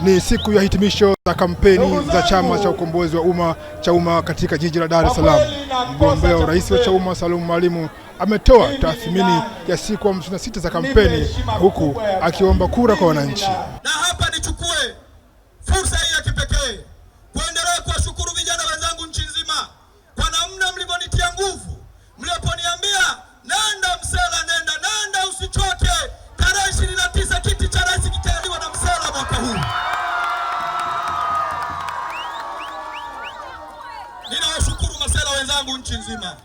Ni siku ya hitimisho za kampeni za chama cha ukombozi wa umma cha umma katika jiji la Dar es Salaam. Mgombea urais wa chaumma Salum Mwalimu ametoa tathmini ya siku 56 za kampeni huku akiomba kura kwa wananchi. yangu nchi nzima.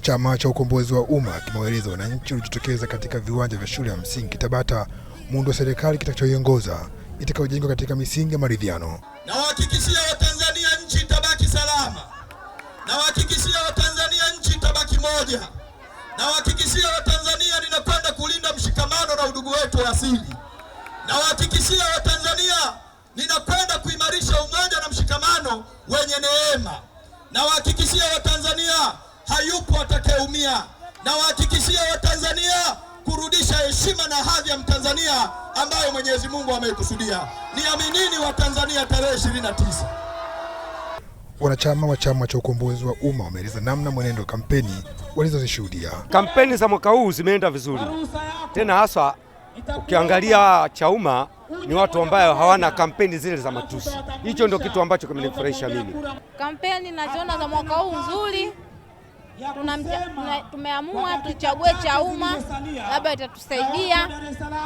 Chama cha Ukombozi wa Umma kimewaeleza wananchi waliojitokeza katika viwanja vya shule ya msingi Tabata muundo wa serikali kitakachoiongoza itakayojengwa katika misingi ya maridhiano. Nawahakikishia Watanzania nchi itabaki salama, nawahakikishia Watanzania nchi itabaki moja, nawahakikishia Watanzania ninakwenda kulinda mshikamano na udugu wetu wa asili, nawahakikishia Watanzania ninakwenda kuimarisha umoja na mshikamano wenye neema na wahakikishia Watanzania hayupo atakayeumia, na wahakikishia Watanzania kurudisha heshima na hadhi ya Mtanzania ambayo Mwenyezi Mungu ameikusudia. Niaminini Watanzania, tarehe 29. Wanachama wa Chama cha Ukombozi wa Umma wameeleza namna mwenendo wa kampeni walizozishuhudia. Kampeni za mwaka huu zimeenda vizuri tena, hasa ukiangalia Chauma ni watu ambayo hawana kampeni zile za matusi. Hicho ndio kitu ambacho kimenifurahisha mimi. Kampeni naziona za mwaka huu nzuri, tumeamua tuchague umma labda itatusaidia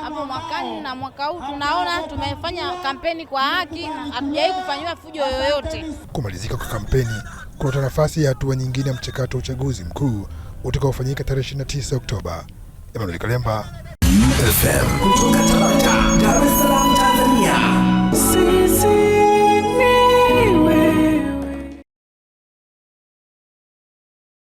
hapo mwakani. Na mwaka huu tunaona tumefanya kampeni kwa haki, hatujawahi kufanyiwa fujo yoyote. Kumalizika kwa kampeni kunatoa nafasi ya hatua nyingine ya mchakato wa uchaguzi mkuu utakaofanyika tarehe 29 Oktoba. Emmanuel Kalemba FM Dar es Salaam.